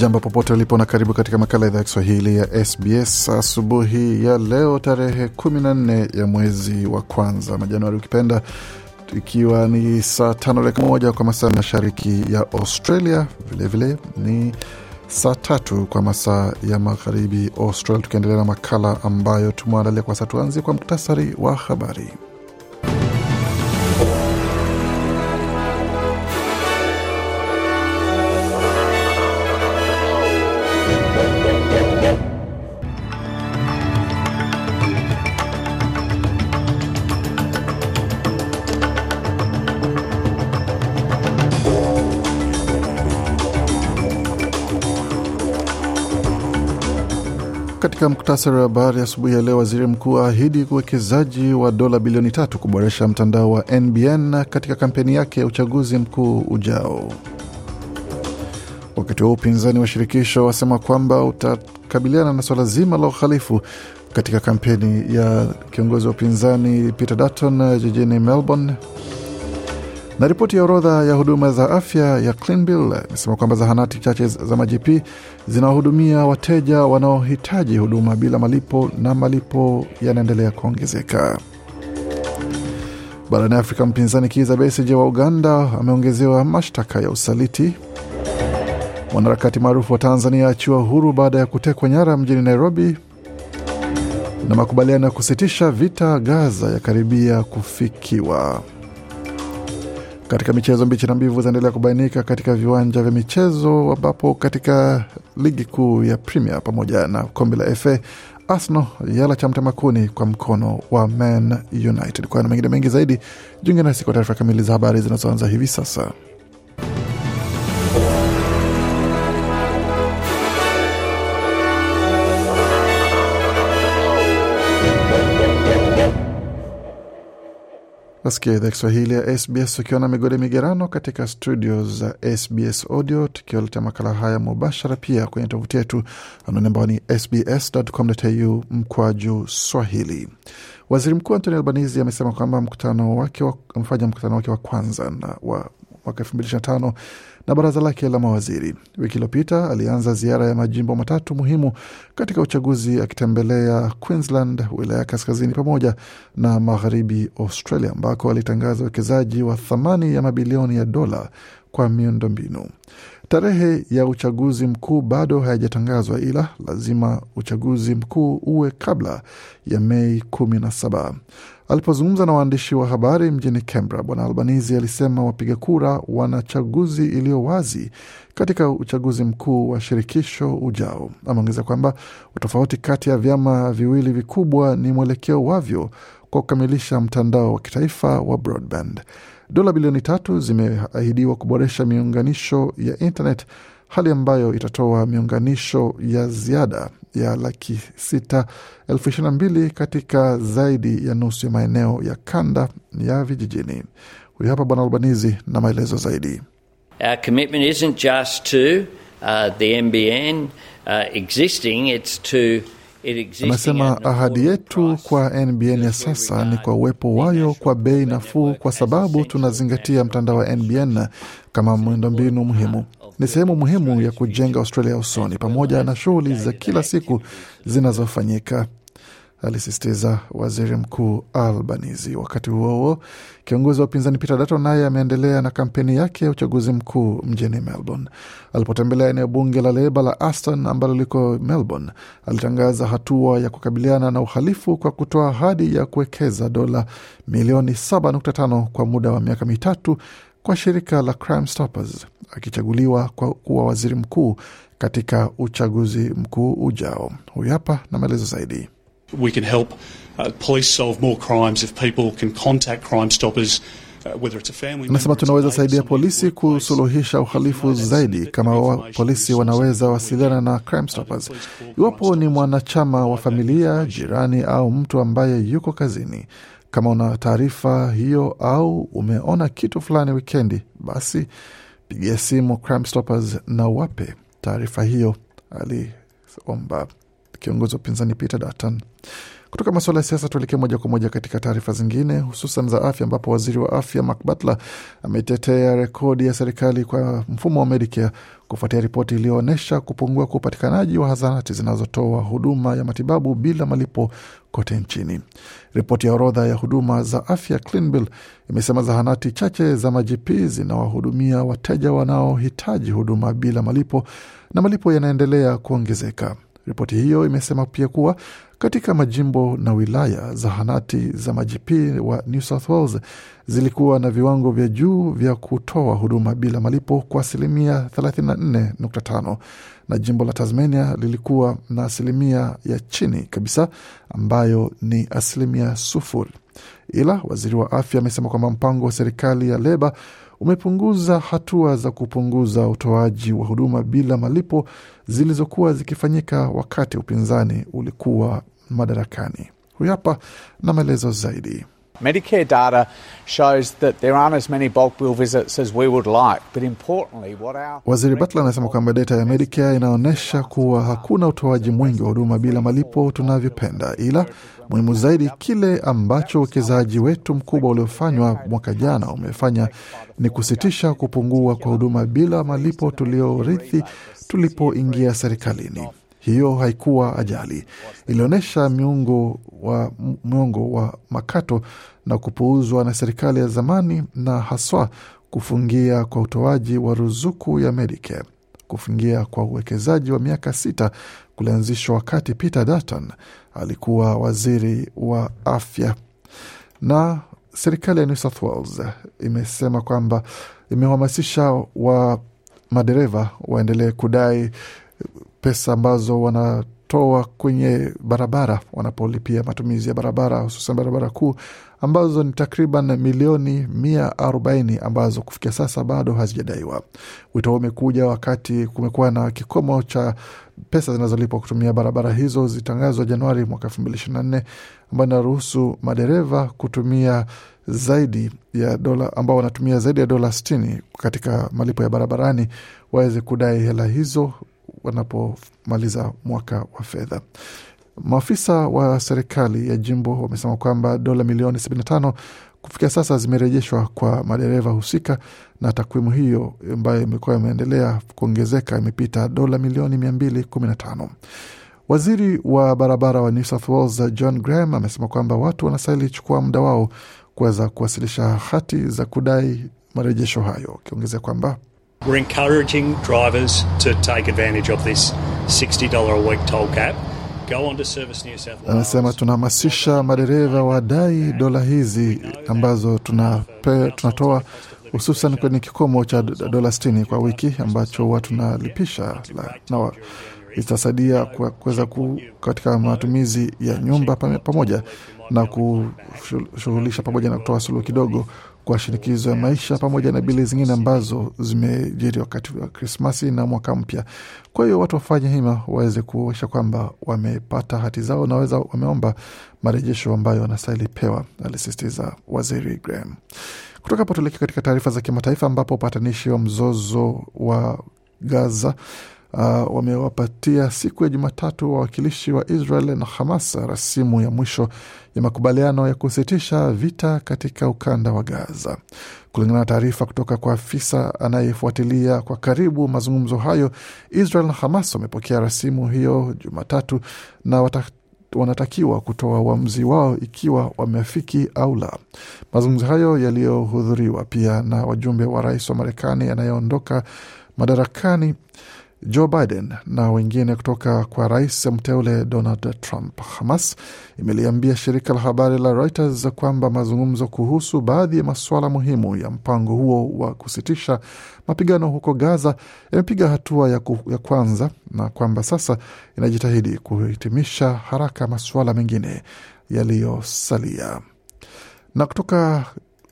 Jambo popote ulipo na karibu katika makala idhaa ya Kiswahili ya SBS asubuhi ya leo tarehe 14 ya mwezi wa kwanza majanuari ukipenda, ikiwa ni saa tano dakika moja kwa masaa mashariki ya Australia, vilevile vile, ni saa tatu kwa masaa ya magharibi Australia. Tukiendelea na makala ambayo tumeandalia kwa sasa, tuanzie kwa muktasari wa habari. Katika muktasari wa habari asubuhi ya leo, waziri mkuu aahidi uwekezaji wa dola bilioni tatu kuboresha mtandao wa NBN katika kampeni yake ya uchaguzi mkuu ujao. Wakati wa upinzani wa shirikisho wasema kwamba utakabiliana na swala zima la uhalifu katika kampeni ya kiongozi wa upinzani Peter Dutton jijini Melbourne. Na ripoti ya orodha ya huduma za afya ya CleanBill imesema kwamba zahanati chache za majp zinawahudumia wateja wanaohitaji huduma bila malipo na malipo yanaendelea kuongezeka. Barani Afrika, mpinzani Kizza Besigye wa Uganda ameongezewa mashtaka ya usaliti. Mwanaharakati maarufu wa Tanzania achiwa huru baada ya kutekwa nyara mjini Nairobi, na makubaliano ya kusitisha vita Gaza yakaribia kufikiwa. Katika michezo, mbichi na mbivu zinaendelea kubainika katika viwanja vya michezo, ambapo katika ligi kuu ya Premier pamoja na kombe la FA Arsenal yala cha mtemakuni kwa mkono wa Man United. Kwa na mengine mengi zaidi, jiunge nasi kwa taarifa kamili za habari zinazoanza hivi sasa. Nasikia idhaa Kiswahili ya SBS ukiwa na migode migerano katika studio za SBS Audio, tukioleta makala haya mubashara pia kwenye tovuti yetu anaone ambao ni sbs.com.au mkwaju swahili. Waziri Mkuu Anthony Albanese amesema kwamba mkutano wake amefanya mkutano wake wa kwanza na wa mwaka elfu mbili ishirini na tano na baraza lake la mawaziri. Wiki iliyopita alianza ziara ya majimbo matatu muhimu katika uchaguzi, akitembelea Queensland, wilaya kaskazini pamoja na magharibi Australia, ambako alitangaza uwekezaji wa thamani ya mabilioni ya dola kwa miundombinu. Tarehe ya uchaguzi mkuu bado hayajatangazwa, ila lazima uchaguzi mkuu uwe kabla ya Mei 17. Alipozungumza na waandishi wa habari mjini Canberra, Bwana Albanizi alisema wapiga kura wana chaguzi iliyo wazi katika uchaguzi mkuu wa shirikisho ujao. Ameongeza kwamba utofauti kati ya vyama viwili vikubwa ni mwelekeo wavyo kwa kukamilisha mtandao wa kitaifa wa broadband. Dola bilioni tatu zimeahidiwa kuboresha miunganisho ya internet, hali ambayo itatoa miunganisho ya ziada ya laki sita elfu ishirini na mbili katika zaidi ya nusu ya maeneo ya kanda ya vijijini. Huyu hapa Bwana Albanizi na maelezo zaidi. Our commitment isn't just to, uh, the MBN, uh, existing, it's to anasema ahadi yetu kwa NBN ya sasa ni kwa uwepo wayo kwa bei nafuu, kwa sababu tunazingatia mtandao wa NBN kama miundombinu muhimu. Ni sehemu muhimu ya kujenga Australia usoni, pamoja na shughuli za kila siku zinazofanyika alisisitiza waziri mkuu Albanizi. Wakati huo huo, kiongozi wa upinzani Peter Dutton naye ameendelea na kampeni yake ya uchaguzi mkuu mjini Melbourne. Alipotembelea eneo bunge la Leba la Aston ambalo liko Melbourne, alitangaza hatua ya kukabiliana na uhalifu kwa kutoa ahadi ya kuwekeza dola milioni 7.5 kwa muda wa miaka mitatu kwa shirika la Crime Stoppers akichaguliwa kwa kuwa waziri mkuu katika uchaguzi mkuu ujao. Huyu hapa na maelezo zaidi. We can help uh, police solve more crimes if people can contact Crime Stoppers. Uh, Anasema tunaweza saidia polisi kusuluhisha uhalifu zaidi kama wa polisi wanaweza wasiliana na Crime Stoppers. Iwapo ni mwanachama wa familia, jirani au mtu ambaye yuko kazini. Kama una taarifa hiyo au umeona kitu fulani wikendi, basi pigia simu Crime Stoppers na wape taarifa hiyo, aliomba kiongozi wa upinzani Peter Dutton. Kutoka masuala ya siasa tuelekee moja kwa moja katika taarifa zingine hususan za afya, ambapo waziri wa afya Mark Butler ameitetea rekodi ya serikali kwa mfumo wa Medicare kufuatia ripoti iliyoonyesha kupungua kwa upatikanaji wa zahanati zinazotoa huduma ya matibabu bila malipo kote nchini. Ripoti ya orodha ya huduma za afya ClinBill imesema zahanati chache za majp zinawahudumia wateja wanaohitaji huduma bila malipo na malipo yanaendelea kuongezeka. Ripoti hiyo imesema pia kuwa katika majimbo na wilaya zahanati za majipii wa New South Wales zilikuwa na viwango vya juu vya kutoa huduma bila malipo kwa asilimia 34.5 na jimbo la Tasmania lilikuwa na asilimia ya chini kabisa ambayo ni asilimia sufuri. Ila waziri wa afya amesema kwamba mpango wa serikali ya Leba umepunguza hatua za kupunguza utoaji wa huduma bila malipo zilizokuwa zikifanyika wakati upinzani ulikuwa madarakani. Huyu hapa na maelezo zaidi. Medicare data shows that there aren't as many bulk bill visits as we would like, but importantly what our... Waziri Butler anasema kwamba data ya Medicare inaonyesha kuwa hakuna utoaji mwingi wa huduma bila malipo tunavyopenda, ila muhimu zaidi, kile ambacho uwekezaji wetu mkubwa uliofanywa mwaka jana umefanya ni kusitisha kupungua kwa huduma bila malipo tuliorithi tulipoingia serikalini. Hiyo haikuwa ajali, ilionyesha miongo wa, miongo wa makato na kupuuzwa na serikali ya zamani na haswa kufungia kwa utoaji wa ruzuku ya Medicare. Kufungia kwa uwekezaji wa miaka sita kulianzishwa wakati Peter Dutton alikuwa waziri wa afya. Na serikali ya New South Wales imesema kwamba imehamasisha wa madereva waendelee kudai pesa ambazo wanatoa kwenye barabara wanapolipia matumizi ya barabara hususan barabara kuu ambazo ni takriban milioni mia arobaini ambazo kufikia sasa bado hazijadaiwa. Wito umekuja wakati kumekuwa na kikomo cha pesa zinazolipwa kutumia barabara hizo zitangazwa Januari mwaka elfu mbili ishirini na nne ambayo inaruhusu madereva kutumia zaidi ya dola ambao wanatumia zaidi ya dola sitini katika malipo ya barabarani waweze kudai hela hizo wanapomaliza mwaka wa fedha. Maafisa wa serikali ya jimbo wamesema kwamba dola milioni 75 kufikia sasa zimerejeshwa kwa madereva husika, na takwimu hiyo ambayo imekuwa imeendelea kuongezeka imepita dola milioni 215. Waziri wa barabara wa New South Wales John Graham amesema kwamba watu wanastahili chukua muda wao kuweza kuwasilisha hati za kudai marejesho hayo, akiongezea kwamba We're encouraging drivers to take advantage of this $60 a week toll cap. Anasema tunahamasisha madereva wadai dola hizi ambazo tunape, tunatoa hususan kwenye kikomo cha dola 60 kwa wiki ambacho huwa tunalipisha na itasaidia kuweza ku katika matumizi ya nyumba pamoja na kushughulisha pamoja na kutoa suluhu kidogo kwa shinikizo ya maisha pamoja na bili zingine ambazo zimejiri wakati wa Krismasi na mwaka mpya. Kwa hiyo watu wafanye hima waweze kuosha kwamba wamepata hati zao na waweza wameomba marejesho ambayo wanastahili pewa, alisisitiza waziri Graham. Kutoka hapo tuelekea katika taarifa za kimataifa ambapo upatanishi wa mzozo wa Gaza uh, wamewapatia siku ya Jumatatu wawakilishi wa Israel na Hamas rasimu ya mwisho ya makubaliano ya kusitisha vita katika ukanda wa Gaza. Kulingana na taarifa kutoka kwa afisa anayefuatilia kwa karibu mazungumzo hayo, Israel na Hamas wamepokea rasimu hiyo Jumatatu na wata wanatakiwa kutoa uamuzi wao ikiwa wameafiki au la. Mazungumzo hayo yaliyohudhuriwa pia na wajumbe wa rais wa Marekani anayeondoka madarakani Joe Biden na wengine kutoka kwa rais mteule Donald Trump. Hamas imeliambia shirika la habari la Reuters kwamba mazungumzo kuhusu baadhi ya masuala muhimu ya mpango huo wa kusitisha mapigano huko Gaza yamepiga hatua ya, ku, ya kwanza na kwamba sasa inajitahidi kuhitimisha haraka masuala mengine yaliyosalia. Na kutoka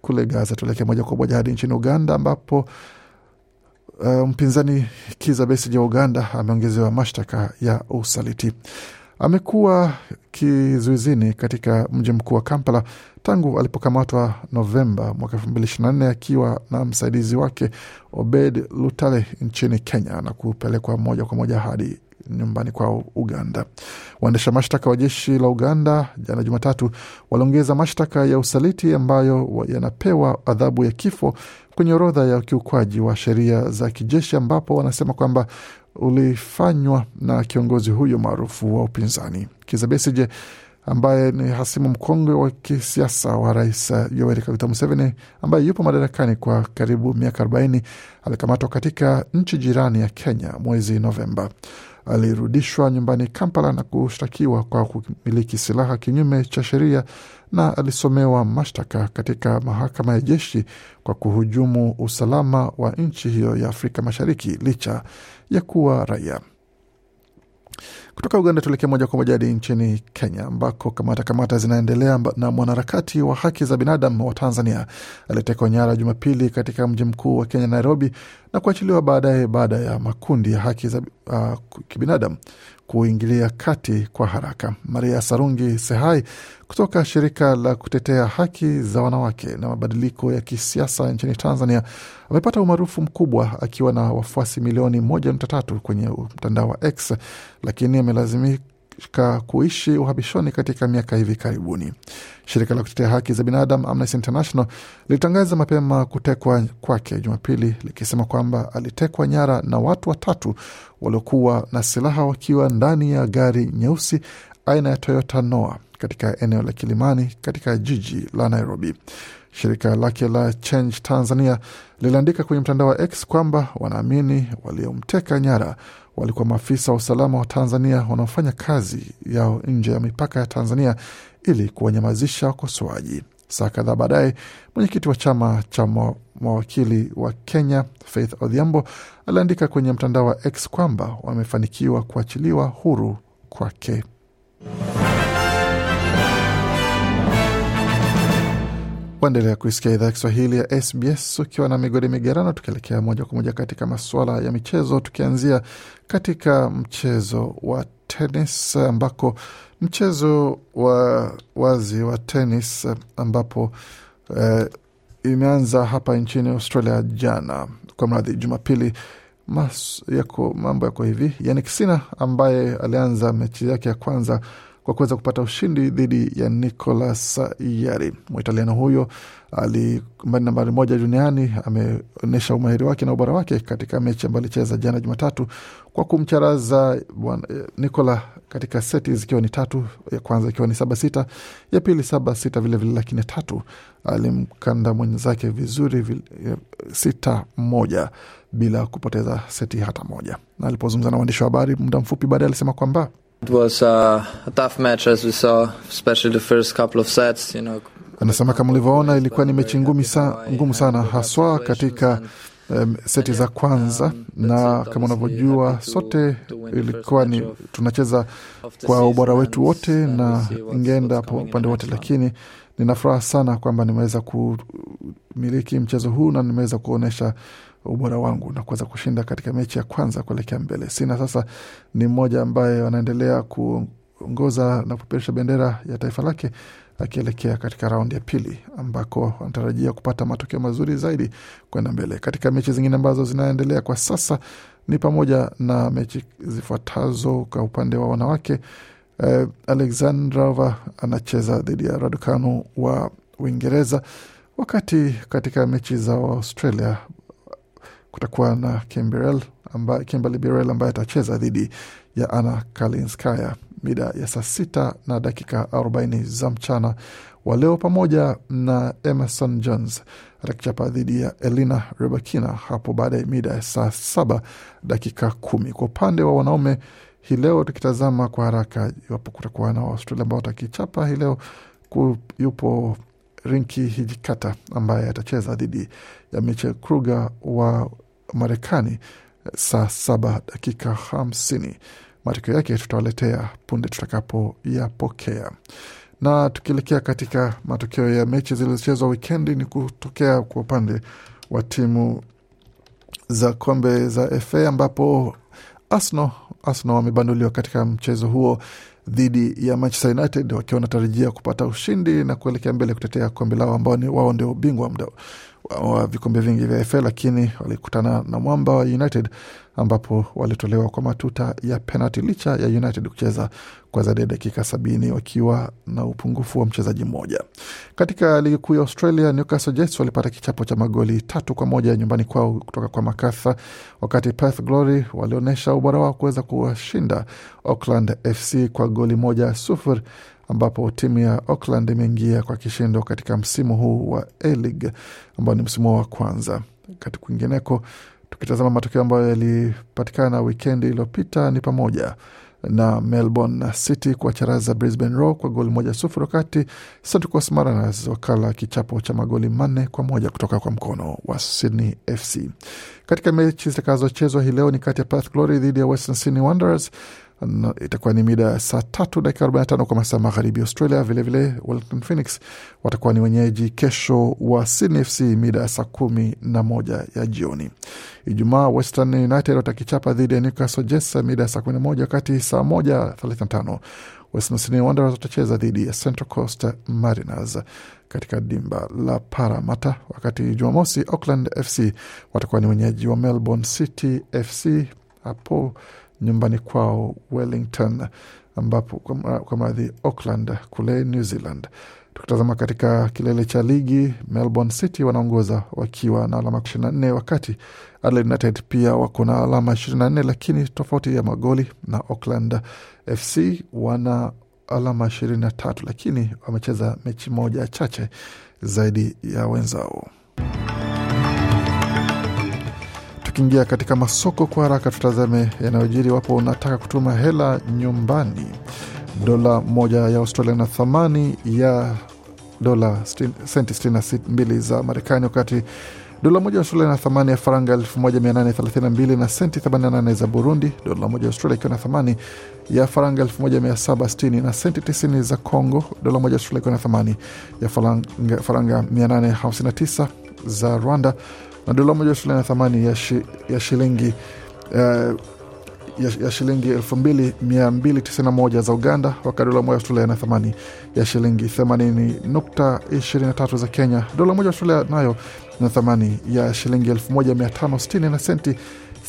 kule Gaza tuelekee moja kwa moja hadi nchini Uganda ambapo Uh, mpinzani Kizza Besigye wa Uganda ameongezewa mashtaka ya usaliti. Amekuwa kizuizini katika mji mkuu wa Kampala tangu alipokamatwa Novemba mwaka elfu mbili ishirini na nne akiwa na msaidizi wake Obed Lutale nchini Kenya na kupelekwa moja kwa moja hadi nyumbani kwao Uganda. Waendesha mashtaka wa jeshi la Uganda jana Jumatatu waliongeza mashtaka ya usaliti ambayo yanapewa adhabu ya kifo kwenye orodha ya ukiukwaji wa sheria za kijeshi, ambapo wanasema kwamba ulifanywa na kiongozi huyo maarufu wa upinzani Kizza Besigye ambaye ni hasimu mkongwe wa kisiasa wa rais Yoweri Kaguta Museveni ambaye yupo madarakani kwa karibu miaka 40 alikamatwa katika nchi jirani ya Kenya mwezi Novemba alirudishwa nyumbani Kampala na kushtakiwa kwa kumiliki silaha kinyume cha sheria na alisomewa mashtaka katika mahakama ya jeshi kwa kuhujumu usalama wa nchi hiyo ya Afrika Mashariki licha ya kuwa raia. Kutoka Uganda tuelekee moja kwa moja hadi nchini Kenya ambako kamata kamata zinaendelea na mwanaharakati wa haki za binadamu wa Tanzania aliyetekwa nyara Jumapili katika mji mkuu wa Kenya, Nairobi, na kuachiliwa baadaye baada ya makundi ya haki za uh, kibinadamu kuingilia kati kwa haraka. Maria Sarungi Sehai kutoka shirika la kutetea haki za wanawake na mabadiliko ya kisiasa nchini Tanzania amepata umaarufu mkubwa akiwa na wafuasi milioni 1.3 kwenye mtandao wa X, lakini amelazimika katika kuishi uhamishoni katika miaka hivi karibuni. Shirika la kutetea haki za binadamu Amnesty International lilitangaza mapema kutekwa kwake Jumapili likisema kwamba alitekwa nyara na watu watatu waliokuwa na silaha wakiwa ndani ya gari nyeusi aina ya Toyota Noah katika eneo la Kilimani katika jiji la Nairobi. Shirika lake la Change Tanzania liliandika kwenye mtandao wa X kwamba wanaamini waliomteka nyara walikuwa maafisa wa usalama wa Tanzania wanaofanya kazi yao nje ya mipaka ya Tanzania ili kuwanyamazisha wakosoaji. Saa kadhaa baadaye, mwenyekiti wa chama cha mawakili wa Kenya Faith Odhiambo aliandika kwenye mtandao wa X kwamba wamefanikiwa kuachiliwa huru kwake. Waendelea kuisikia idhaa ya Kiswahili ya SBS ukiwa na migodi migerano, tukielekea moja kwa moja katika masuala ya michezo, tukianzia katika mchezo wa tenis ambako mchezo wa wazi wa tenis ambapo eh, imeanza hapa nchini Australia jana kwa mradhi Jumapili. Mambo yako hivi, yani Kisina ambaye alianza mechi yake ya kwanza kwa kuweza kupata ushindi dhidi ya Nicolas Yari. Mwitaliano huyo ali nambari moja duniani ameonyesha umahiri wake na ubora wake katika mechi ambayo alicheza jana Jumatatu kwa kumcharaza eh, Nicola katika seti zikiwa ni tatu, ya kwanza ikiwa ni saba sita, ya pili saba sita vilevile, lakini tatu alimkanda mwenzake vizuri vile, eh, sita moja bila kupoteza seti hata moja. Na alipozungumza na waandishi wa habari muda mfupi baadaye alisema kwamba Anasema kama ulivyoona, ilikuwa ni mechi ngumu sa, ngumu sana haswa katika um, seti za kwanza, na kama unavyojua sote ilikuwa ni tunacheza kwa ubora wetu wote na ingeenda upande wote, lakini ninafuraha sana kwamba nimeweza kumiliki mchezo huu na nimeweza kuonyesha ubora wangu na kuweza kushinda katika mechi ya kwanza kuelekea mbele. Sina sasa ni mmoja ambaye anaendelea kuongoza na kupeperusha bendera ya taifa lake akielekea katika raundi ya pili ambako anatarajia kupata matokeo mazuri zaidi kwenda mbele. Katika mechi zingine ambazo zinaendelea kwa sasa ni pamoja na mechi zifuatazo kwa upande wa wanawake. Eh, Alexandrova anacheza dhidi ya Raducanu wa Uingereza, wakati katika mechi za Australia kutakuwa na Kimberel amba, Kimberly Birel ambaye atacheza dhidi ya Ana Kalinskaya mida ya saa sita na dakika 40 za mchana wa leo, pamoja na Emerson Jones atakichapa dhidi ya Elina Rebakina hapo baada ya mida ya saa saba dakika kumi. Kwa upande wa wanaume hii leo tukitazama kwa haraka, iwapo kutakuwa na Waustralia ambao watakichapa hii leo, yupo Rinki Hijikata ambaye atacheza dhidi ya Michel Kruger wa Marekani saa saba dakika hamsini. Matokeo yake tutawaletea punde tutakapoyapokea. Na tukielekea katika matokeo ya mechi zilizochezwa wikendi, ni kutokea kwa upande wa timu za kombe za FA ambapo Arsenal Arsenal wamebanduliwa katika mchezo huo dhidi ya Manchester United wakiwa wanatarajia kupata ushindi na kuelekea mbele kutetea kombe lao ambao ni wao ndio ubingwa muda wa vikombe vingi vya FA, lakini walikutana na mwamba wa United ambapo walitolewa kwa matuta ya penalty licha ya United kucheza kwa zaidi ya dakika sabini wakiwa na upungufu wa mchezaji mmoja. Katika ligi kuu ya Australia, Newcastle Jets walipata kichapo cha magoli tatu kwa moja nyumbani kwao kutoka kwa Makatha, wakati Perth Glory walionyesha ubora wao kuweza kuwashinda Auckland FC kwa goli moja sufuri ambapo timu ya Auckland imeingia kwa kishindo katika msimu huu wa A-League ambao ni msimu wa kwanza. Kati kwingineko, tukitazama matokeo ambayo yalipatikana wikendi iliyopita ni pamoja na Melbourne City kuwacharaza Brisbane Roar kwa goli moja sufuri, wakati Central Mariners wakala kichapo cha magoli manne kwa moja kutoka kwa mkono wa Sydney FC. Katika mechi zitakazochezwa hii leo ni kati ya Perth Glory dhidi ya Western Sydney Wanderers, No, itakuwa ni mida saa tatu dakika tano kwa masaa magharibi Australia. Vilevile Wellington Phoenix watakuwa ni wenyeji kesho wa Sydney FC mida ya saa kumi na moja ya jioni. Ijumaa Western United watakichapa dhidi ya Newcastle Jets mida ya saa kumi na moja wakati saa moja 35 Western Sydney Wanderers watacheza dhidi ya Central Coast Mariners katika dimba la Paramata, wakati Jumamosi Auckland FC watakuwa ni wenyeji wa Melbourne City FC hapo nyumbani kwao Wellington, ambapo kwa mradhi Auckland kule New Zealand. Tukitazama katika kilele cha ligi, Melbourne City wanaongoza wakiwa na alama 24 wakati Adelaide United pia wako na alama 24 lakini tofauti ya magoli na Auckland FC wana alama 23 lakini wamecheza mechi moja chache zaidi ya wenzao. tukiingia katika masoko kwa haraka, tutazame yanayojiri. Iwapo unataka kutuma hela nyumbani, dola moja ya Australia na thamani ya dola senti 62 za Marekani, wakati dola moja ya Australia na thamani ya faranga 1832 na senti 88 za Burundi, dola moja ya Australia ikiwa na thamani ya faranga 1760 na senti 90 za Congo, dola moja ya Australia ikiwa na thamani ya faranga 859 za Rwanda na dola moja Australia na thamani ya, shi, ya shilingi uh, ya, ya shilingi 2291 za Uganda, wakati dola moja Australia na thamani ya shilingi 80.23 za Kenya. Dola moja Australia nayo na thamani ya shilingi 1560 na senti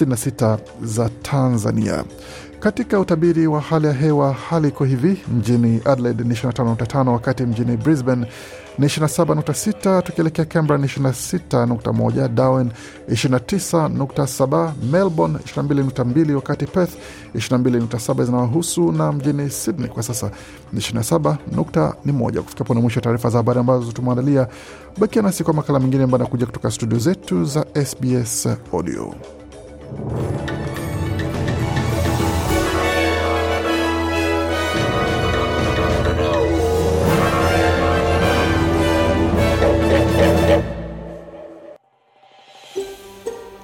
66 za Tanzania. Katika utabiri wa hali ya hewa, hali iko hivi: mjini Adelaide ni 25.5, wakati mjini Brisbane ni 27.6, tukielekea Canberra ni 26.1, Darwin 29.7, Melbourne 22.2, wakati Perth 22.7 zinawahusu na mjini Sydney kwa sasa ni 27.1. Kufikapo na mwisho wa taarifa za habari ambazo tumeandalia, bakia nasi kwa makala mengine ambayo anakuja kutoka studio zetu za SBS Audio.